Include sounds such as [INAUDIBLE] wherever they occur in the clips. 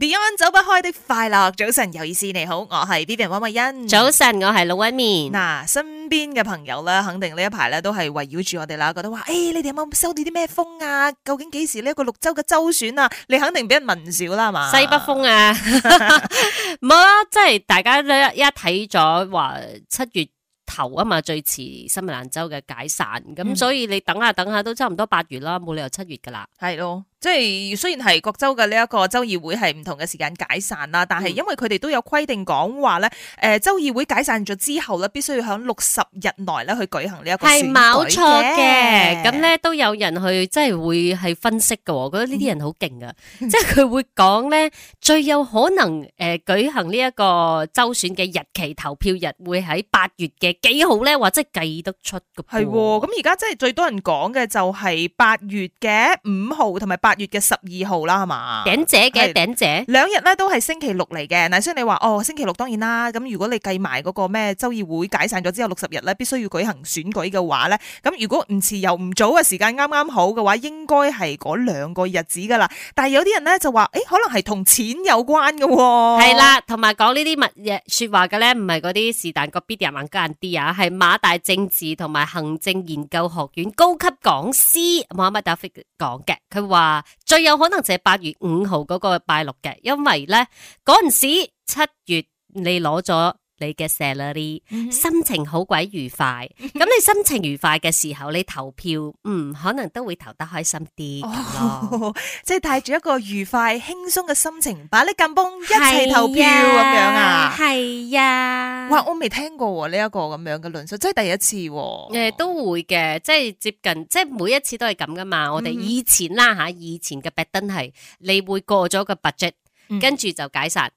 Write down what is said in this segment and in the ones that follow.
Beyond 走不開的快樂，早晨有意思。你好，我係 Beyond 溫慧欣。早晨，我係老一面。嗱、啊，身邊嘅朋友咧，肯定呢一排咧都係圍繞住我哋啦，覺得話誒、欸，你哋有冇收到啲咩風啊？究竟幾時呢一個六州嘅州選啊？你肯定俾人問唔少啦，係嘛？西北風啊，冇啦，即係大家都一睇咗話七月頭啊嘛，最遲新不蘭州嘅解散，咁、嗯、所以你等下等下都差唔多八月啦，冇理由七月噶啦，係咯。即係雖然係各州嘅呢一個州議會係唔同嘅時間解散啦，但係因為佢哋都有規定講話咧，誒、呃、州議會解散咗之後咧，必須要響六十日內咧去舉行呢一個選舉嘅，係冇錯嘅。咁咧都有人去即係會係分析嘅，我覺得、嗯、呢啲人好勁嘅，即係佢會講咧最有可能誒、呃、舉行呢一個州選嘅日期投票日會喺八月嘅幾號咧，或者計得出嘅。係喎，咁而家即係最多人講嘅就係八月嘅五號同埋八月嘅十二號啦，係、right? 嘛？頂者嘅頂者，兩日咧都係星期六嚟嘅。嗱，雖然你話哦，星期六當然啦。咁如果你計埋嗰個咩州議會解散咗之後六十日咧，必須要舉行選舉嘅話咧，咁如果唔遲又唔早嘅時間，啱啱好嘅話，應該係嗰兩個日子噶啦。但係有啲人咧就話，誒、欸，可能係同錢有關嘅、哦。係啦，同埋講呢啲乜嘢說話嘅咧，唔係嗰啲是但個 bidya 萬吉 an dia，係馬大政治同埋行政研究學院高級講師冇乜打 f i 講嘅，佢話。最有可能就係八月五號嗰個拜六嘅，因為咧嗰陣時七月你攞咗。你嘅 salary 心情好鬼愉快，咁 [LAUGHS] 你心情愉快嘅時候，你投票嗯可能都會投得開心啲，即係帶住一個愉快輕鬆嘅心情，把你金崩一齊投票咁、啊、樣啊？係呀、啊，哇！我未聽過呢一個咁樣嘅論述，即係第一次、啊。誒、欸，都會嘅，即係接近，即係每一次都係咁噶嘛。嗯、我哋以前啦吓，以前嘅 budget 係你會過咗個 budget，跟住就解散、嗯。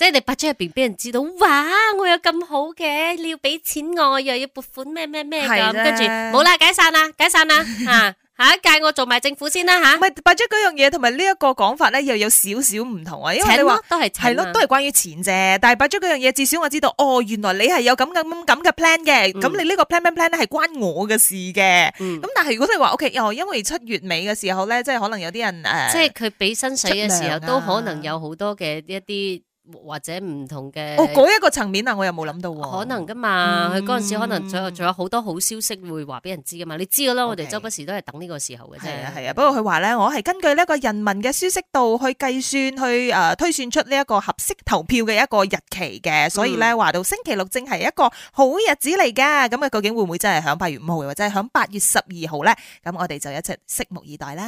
即係你白紙入邊俾人知道，哇！我有咁好嘅，你要俾錢我，我又要撥款咩咩咩咁，跟住冇啦，解散啦，解散啦吓！ [LAUGHS] 下一屆我做埋政府先啦吓。唔係白紙嗰樣嘢，同埋呢一個講法咧，又有少少唔同啊，因為你話係咯，都係、啊、關於錢啫。但係白紙嗰樣嘢，至少我知道哦，原來你係有咁咁咁嘅 plan 嘅。咁、嗯、你呢個 plan plan 係關我嘅事嘅。咁、嗯、但係如果你話，OK，哦，因為七月尾嘅時候咧，即係可能有啲人誒，呃、即係佢俾薪水嘅時候，都名、啊、可能有好多嘅一啲。或者唔同嘅，哦，嗰一個層面啊，我又冇諗到喎。可能噶嘛，佢嗰陣時可能最後仲有好多好消息會話俾人知噶嘛，你知噶啦，Okay. 我哋周不時都係等呢個時候嘅。啫。係啊，不過佢話咧，我係根據呢一個人民嘅舒適度去計算，去誒推算出呢一個合適投票嘅一個日期嘅，所以咧話到星期六正係一個好日子嚟噶，咁啊、嗯、究竟會唔會真係響八月五號，或者係響八月十二號咧？咁我哋就一齊拭目以待啦。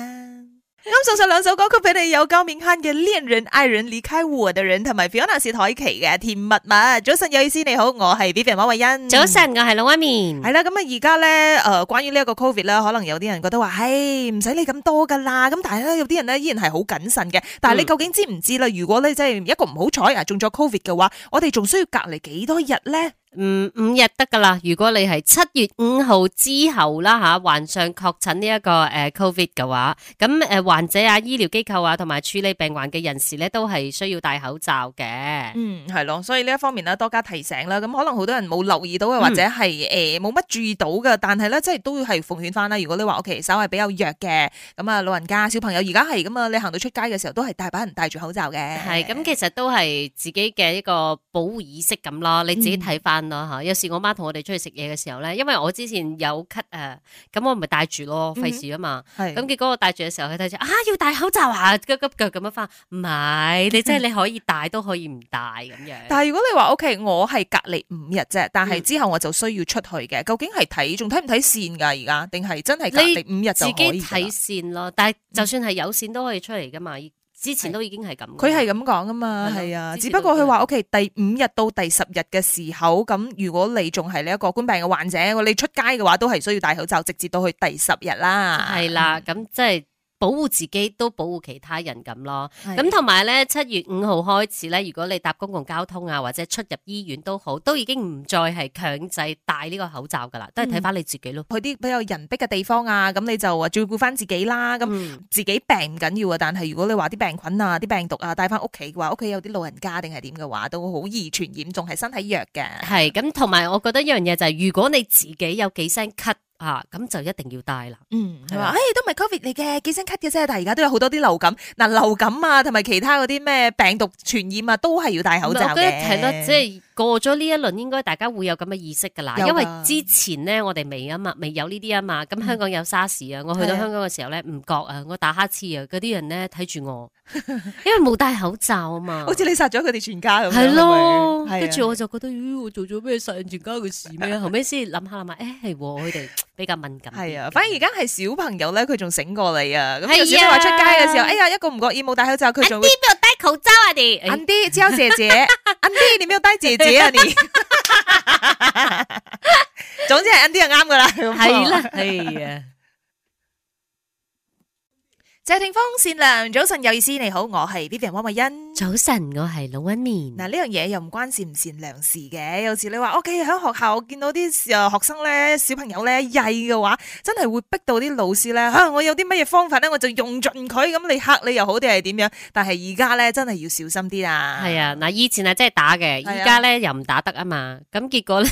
咁、嗯、送上兩首歌曲俾你，有交面慳嘅戀人愛人離開我的人，同埋 Fiona 薛凱琪嘅甜蜜蜜》。早晨有意思，你好，我係 Vivian 馬慧欣。早晨，我係 Long Amy。係啦，咁啊，而家咧，誒，關於呢一個 Covid 啦，可能有啲人覺得話，唉，唔使理咁多噶啦。咁但係咧，有啲人咧依然係好謹慎嘅。但係你究竟知唔知啦？如果咧即係一個唔好彩啊，中咗 Covid 嘅話，我哋仲需要隔離幾多日咧？嗯，五日得噶啦。如果你係七月五號之後啦吓患上確診呢一個誒、呃、covid 嘅話，咁誒患者啊，醫療機構啊，同埋處理病患嘅人士咧，都係需要戴口罩嘅。嗯，係咯，所以呢一方面咧，多加提醒啦。咁可能好多人冇留意到或者係誒冇乜注意到嘅，但係咧，即係都要係奉勸翻啦。如果你話屋企稍為比較弱嘅，咁啊老人家、小朋友而家係咁啊，你行到出街嘅時候都係大把人戴住口罩嘅。係咁、嗯，其實都係自己嘅一個保護意識咁咯。你自己睇返、嗯。嗯有時我媽同我哋出去食嘢嘅時候咧，因為我之前有咳啊，咁我咪戴住咯，費事啊嘛。咁、嗯、結果我戴住嘅時候，佢睇住啊，要戴口罩啊，急急腳咁樣翻。唔係， [LAUGHS] 你即係你可以戴都可以唔戴咁樣。但係如果你話 O K，我係隔離五日啫，但係之後我就需要出去嘅，嗯、究竟係睇仲睇唔睇線噶？而家定係真係隔離五日就自己睇線咯？但係就算係有線都可以出嚟噶嘛？嗯之前都已經係咁，佢係咁講噶嘛，係、嗯、啊。之前 只不過佢話：OK，第五日到第十日嘅時候，咁如果你仲係呢一個冠病嘅患者，你出街嘅話，都係需要戴口罩，直接到去第十日啦。係啦、嗯，咁即係。保護自己都保護其他人咁咯，咁同埋咧七月五號開始咧，如果你搭公共交通啊或者出入醫院都好，都已經唔再係強制戴呢個口罩噶啦，都係睇翻你自己咯。嗯、去啲比較人逼嘅地方啊，咁你就啊照顧翻自己啦，咁自己病唔緊要啊，但係如果你話啲病菌啊、啲病毒啊帶翻屋企嘅話，屋企有啲老人家定係點嘅話，都好易傳染，仲係身體弱嘅。係咁同埋，我覺得一樣嘢就係、是、如果你自己有幾聲咳。啊，咁就一定要戴啦。嗯，係嘛，哎，都唔係 Covid 嚟嘅，幾聲咳嘅啫。但係而家都有好多啲流感，嗱、呃、流感啊，同埋其他嗰啲咩病毒傳染啊，都係要戴口罩嘅。嗱，咁即係。過咗呢一輪，應該大家會有咁嘅意識噶啦，吧因為之前咧我哋未啊嘛，未有呢啲啊嘛，咁香港有沙士啊，嗯、我去到香港嘅時候咧，唔是、啊、覺啊，我打哈嚏啊，嗰啲人咧睇住我，因為冇戴口罩啊嘛，好似 [LAUGHS] 你殺咗佢哋全家咁，係咯，跟住咯是、啊、我就覺得，咦、哎，我做咗咩殺人全家嘅事咩？ [LAUGHS] 後尾先諗下諗下，誒、哎、係，佢哋、啊、比較敏感，係 [LAUGHS] 啊，反而而家係小朋友咧，佢仲醒過嚟啊，咁、嗯、有時你話出街嘅時候，哎呀，一個唔覺意冇戴口罩，佢仲 [LAUGHS] 好嘈啊！你 Andy 只有姐姐，Andy 你沒有帶姐姐啊！你，總之係 Andy 就啱噶啦，係啦，係啊。謝霆鋒善良，早晨有意思，你好，我係 Melody 汪慧欣。早晨，我係老屈棉。嗱，呢樣嘢又唔關善唔善良事嘅。有時你話，OK，喺學校見到啲誒學生咧，小朋友咧曳嘅話，真係會逼到啲老師咧。吓，我有啲乜嘢方法咧，我就用盡佢咁你吓你又好，定係點樣？但係而家咧，真係要小心啲啊！係啊，嗱，以前啊，真係打嘅，而家咧又唔打得啊嘛。咁結果咧，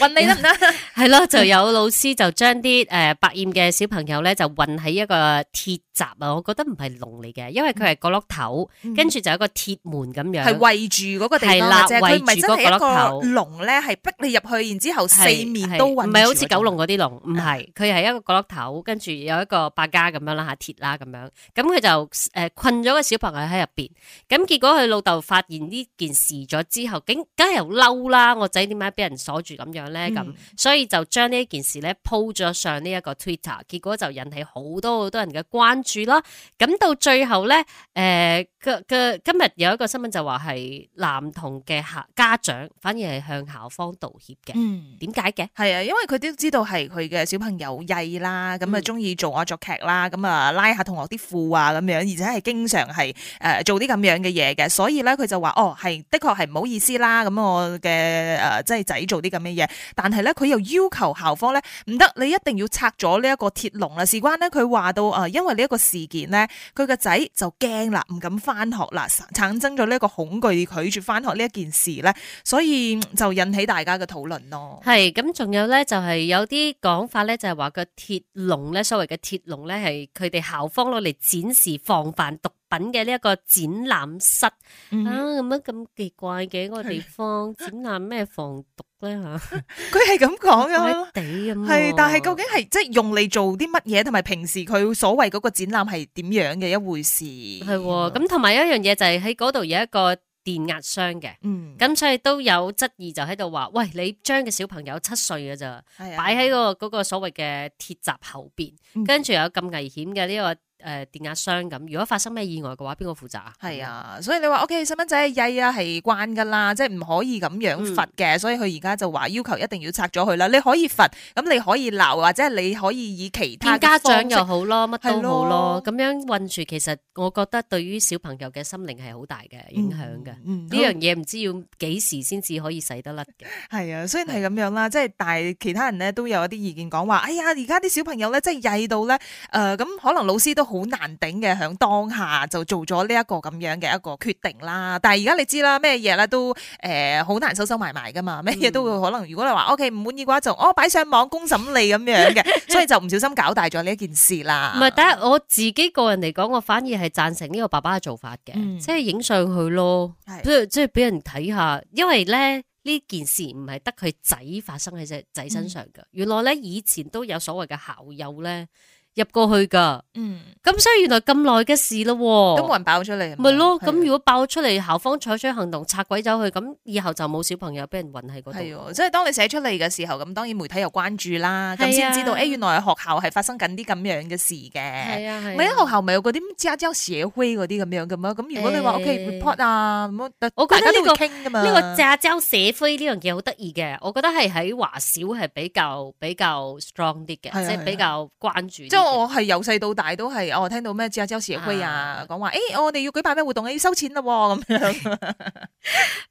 問你得唔得？係咯、 [LAUGHS] 就是，就有老師就將啲誒百厭嘅小朋友咧，就運喺一個鐵閘啊。我覺得唔係籠嚟嘅，因為佢係角落頭，嗯、跟住就一個。鐵門咁樣係圍住嗰個地方，或者圍住唔係真係一個籠咧，係逼你入去，然之後四面都圍住，唔係好似九龍嗰啲籠，唔係佢係一個角落頭，跟住有一個百家咁樣啦，下鐵啦咁樣，咁佢就誒困咗個小朋友喺入邊，咁結果佢老豆發現呢件事咗之後，竟梗係又嬲啦，我仔點解俾人鎖住咁樣咧？咁、嗯、所以就將呢一件事咧鋪咗上呢一個 Twitter，結果就引起好多好多，多人嘅關注啦。咁到最後咧，誒個個今。今日有一個新聞就話係男童嘅校家長反而係向校方道歉嘅。點解嘅？係啊，因為佢都知道係佢嘅小朋友曳啦，咁、嗯、啊中意做惡作劇啦，咁啊拉下同學啲褲啊咁樣，而且係經常係誒、呃、做啲咁樣嘅嘢嘅，所以咧佢就話哦係的確係唔好意思啦，咁我嘅誒即係仔做啲咁嘅嘢，但係咧佢又要求校方咧唔得，你一定要拆咗呢一個鐵籠啦。事關咧佢話到啊，因為呢一個事件咧，佢個仔就驚啦，唔敢翻學啦。產生咗呢一個恐懼，拒絕返學呢一件事咧，所以就引起大家嘅討論咯。係咁，仲有咧就係有啲講法咧，就係、是、話個鐵籠咧，所謂嘅鐵籠咧，係佢哋校方攞嚟展示防範毒品嘅呢一個展覽室、嗯、啊，咁樣咁奇怪嘅、一個地方，的展覽咩防毒咧吓？佢係咁講啊，地咁係，但係究竟係即係用嚟做啲乜嘢？同埋平時佢所謂嗰個展覽係點樣嘅一回事？係喎，咁同埋一樣嘢就係喺嗰度有一個電壓箱嘅，咁、嗯、所以都有質疑就喺度話：喂，你將嘅小朋友七歲㗎咋，擺喺個嗰個所謂嘅鐵閘後邊，嗯、跟住有咁危險嘅呢個。誒、呃、電壓箱咁，如果發生咩意外嘅話，邊個負責啊？係啊，所以你話 OK 細蚊仔曳啊，係慣噶啦，即係唔可以咁樣罰嘅。嗯、所以佢而家就話要求一定要拆咗佢啦。你可以罰，咁你可以鬧，或者你可以以其他家長又好咯，乜都好咯，咁咯樣韞住，其實我覺得對於小朋友嘅心靈係好大嘅影響嘅。呢、嗯嗯、樣嘢唔知要幾時先至可以使得甩嘅。係、嗯、 [LAUGHS] 啊，雖然係咁樣啦，即係 [LAUGHS] 但係其他人咧都有一啲意見講話，哎呀，而家啲小朋友咧即係曳到咧，誒、呃、咁、呃呃、可能老師都。好難頂嘅，響當下就做咗呢一個咁樣嘅一個決定啦。但係而家你知啦，咩嘢啦都誒好、呃、難收收埋埋噶嘛，咩嘢都會可能。如果你話 O K 唔滿意嘅話，就我擺、哦、上網公審你咁樣嘅， [LAUGHS] 所以就唔小心搞大咗呢一件事啦。唔係，但係我自己個人嚟講，我反而係贊成呢個爸爸嘅做法嘅，即係影上去咯，即係即係俾人睇下。因為咧呢件事唔係得佢仔發生喺隻仔身上噶，嗯、原來咧以前都有所謂嘅校友咧。入過去噶，嗯，咁所以原來咁耐嘅事咯，咁冇人爆出嚟，咪咯，咁如果爆出嚟校方採取行動拆鬼走去，咁以後就冇小朋友俾人揾喺嗰度。係啊，所以當你寫出嚟嘅時候，咁當然媒體又關注啦，咁先知道，誒，原來學校係發生緊啲咁樣嘅事嘅。係啊係，唔係學校咪有嗰啲炸焦社會嗰啲咁樣嘅嘛？咁如果你話 OK report 啊，我我覺得呢個傾嘛。呢個炸焦社會呢樣嘢好得意嘅，我覺得係喺華小係比較比較 strong 啲嘅，即係比較關注。我係由細到大都係，我聽到咩招招社會啊，講話誒，我哋要舉辦咩活動啊，要收錢啦，咁樣，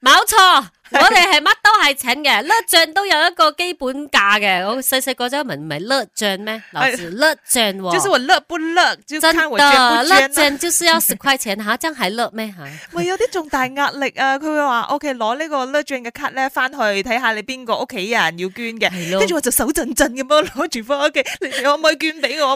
冇錯，我哋係乜都係請嘅，樂捐都有一個基本價嘅。我細細個就問，唔係樂捐咩？係樂捐，就是話樂不樂，就看我捐唔捐。真的，樂捐就需要十塊錢，吓，真係樂咩吓？咪有啲重大壓力啊！佢會話，OK，攞呢個樂捐嘅卡咧，翻去睇下你邊個屋企人要捐嘅，跟住我就手震震咁樣攞住翻屋企，你可唔可以捐俾我？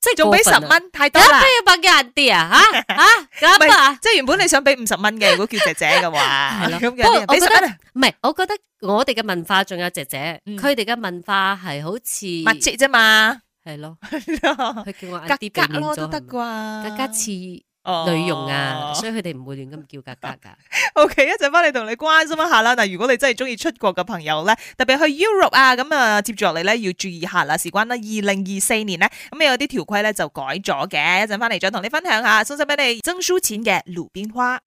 即係仲俾十蚊太多啦，都要百幾阿爹啊，吓吓，咁啊，啊啊啊 [LAUGHS] 即係原本你想俾五十蚊嘅，如果叫姐姐嘅話，咁有啲人，唔係，我覺得我哋嘅文化仲有姐姐，佢哋嘅文化係好似密姐啫嘛，係、嗯、咯，係咯，佢叫我阿咯， [LAUGHS] 都得啩，家家似。哦，內容啊，所以佢哋唔會亂咁叫價格噶。 [LAUGHS] OK，一陣翻嚟同你關心一下啦。嗱，如果你真係中意出國嘅朋友咧，特別去 Europe 啊，咁啊、呃，接住落嚟咧要注意下啦。事關啦，二零二四年咧，咁有啲條規咧就改咗嘅。一陣翻嚟再同你分享下，送首俾你曾淑勤嘅魯冰花。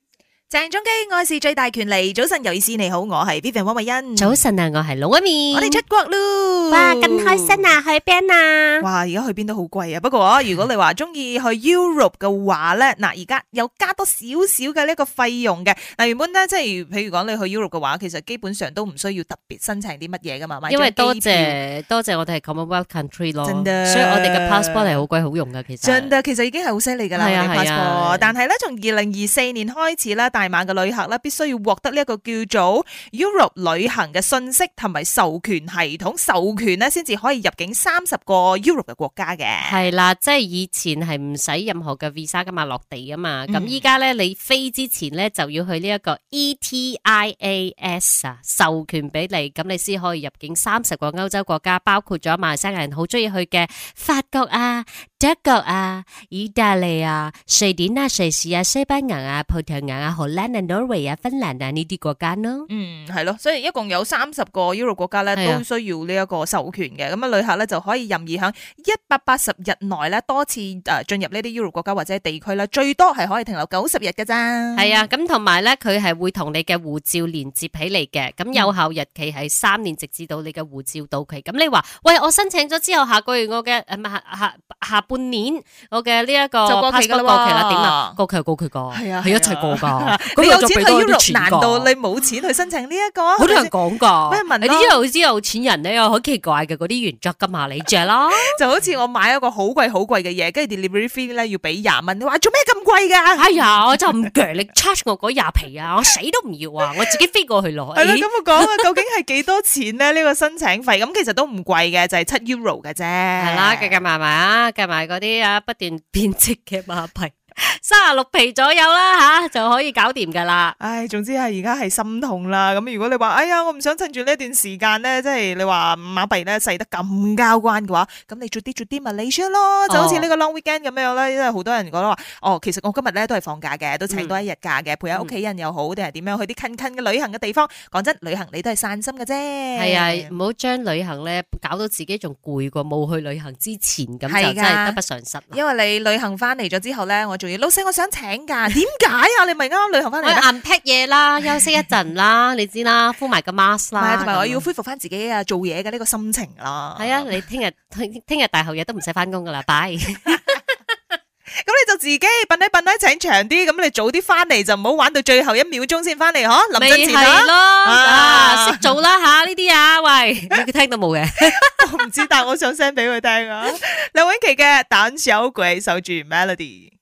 鄭中基，愛是最大權利。早晨，有意思，你好，我係 Vivian 汪慧欣。早晨啊，我係龍一面。我哋出國嚕，哇，咁開心啊，去邊啊？哇，而家去邊都好貴啊。不過唉如果你話中意去 Europe 嘅話咧，嗱，而家有加多少少嘅呢個費用嘅。嗱，原本咧，即係譬如講你去 Europe 嘅話，其實基本上都唔需要特別申請啲乜嘢噶嘛。因為多謝多謝我哋係 Commonwealth Country 咯，的所以我哋嘅 passport 係好貴好用噶。其實真噶，其實已經係好犀利噶啦。我哋嘅 passport。但係咧，從二零二四年開始啦，大馬嘅旅客咧，必須要獲得呢一個叫做 Europe 旅行嘅信息同埋授權系統授權咧，先至可以入境三十個 Europe 嘅國家嘅。係啦，即係以前係唔使任何嘅 visa 噶嘛，落地啊嘛。咁依家咧，你飛之前咧就要去呢一個 ETIAS 啊，授權俾你，咁你先可以入境三十個歐洲國家，包括咗馬來西亞人好中意去嘅法國啊。德國啊、意大利啊、瑞典啊、瑞士啊、西班牙啊、葡萄牙啊、荷蘭啊、挪威啊、芬蘭啊呢啲國家咯，嗯係咯，所以一共有三十個 Euro 國家咧，都需要呢一個授權嘅，咁啊的旅客咧就可以任意響一百八十日內咧多次誒進入呢啲 Euro 國家或者地區啦，最多係可以停留九十日嘅咋，係啊，咁同埋咧佢係會同你嘅護照連接起嚟嘅，咁有效日期係三年，直至到你嘅護照到期，咁你話喂，我申請咗之後下個月我嘅下下，下半年我嘅呢一個就過期啦，過期啦，點啊？過期過期噶，係啊，係一齊過噶。你有錢去 Euro，難道你冇錢去申請呢一個？好多人講噶，你知道啲有錢人咧好奇怪嘅嗰啲原則噶嘛？你着啦，就好似我買一個好貴好貴嘅嘢，跟住 delivery fee 咧要俾廿蚊，你話做咩咁貴噶？哎呀，我就唔強，你 charge 我嗰廿皮啊，我死都唔要啊，我自己飛過去攞。係啦，咁我講啊，究竟係幾多錢咧？呢個申請費咁其實都唔貴嘅，就係七 Euro 嘅啫。係啦，計計埋埋啊，計埋。嗰啲啊，不斷貶值嘅馬幣。 [LAUGHS] 三十六皮左右啦吓、啊，就可以搞掂噶啦。唉、哎，總之係而家係心痛啦。咁如果你話，哎呀，我唔想趁住呢段時間咧，即係你話馬幣咧細得咁交關嘅話，咁你做啲做啲 Malaysia 咯，哦、就好似呢個 Long Weekend 咁樣啦。因為好多人覺得話，哦，其實我今日咧都係放假嘅，都請多一日假嘅，嗯、陪下屋企人又好，定係點樣去啲近近嘅旅行嘅地方。講真，旅行你都係散心嘅啫。係啊，唔好將旅行咧搞到自己仲攰過冇去旅行之前咁就真係得不償失、啊。因為你旅行翻嚟咗之後咧，我。老師，我想請假，點解啊？你咪啱啱旅行翻嚟，暗劈嘢啦，休息一陣啦，你知啦，敷埋個 mask 啦，同埋我要恢復翻自己啊做嘢嘅呢個心情咯。係啊，你聽日聽聽日大後日都唔使翻工噶啦，拜。咁你就自己笨咧笨咧，請長啲，咁你早啲翻嚟就唔好玩到最後一秒鐘先翻嚟，嗬？林振志係咯，啊識做啦吓呢啲啊，喂，佢聽到冇嘅，我唔知，但係我想 send 俾佢聽啊。梁永琪嘅膽小鬼守住 melody。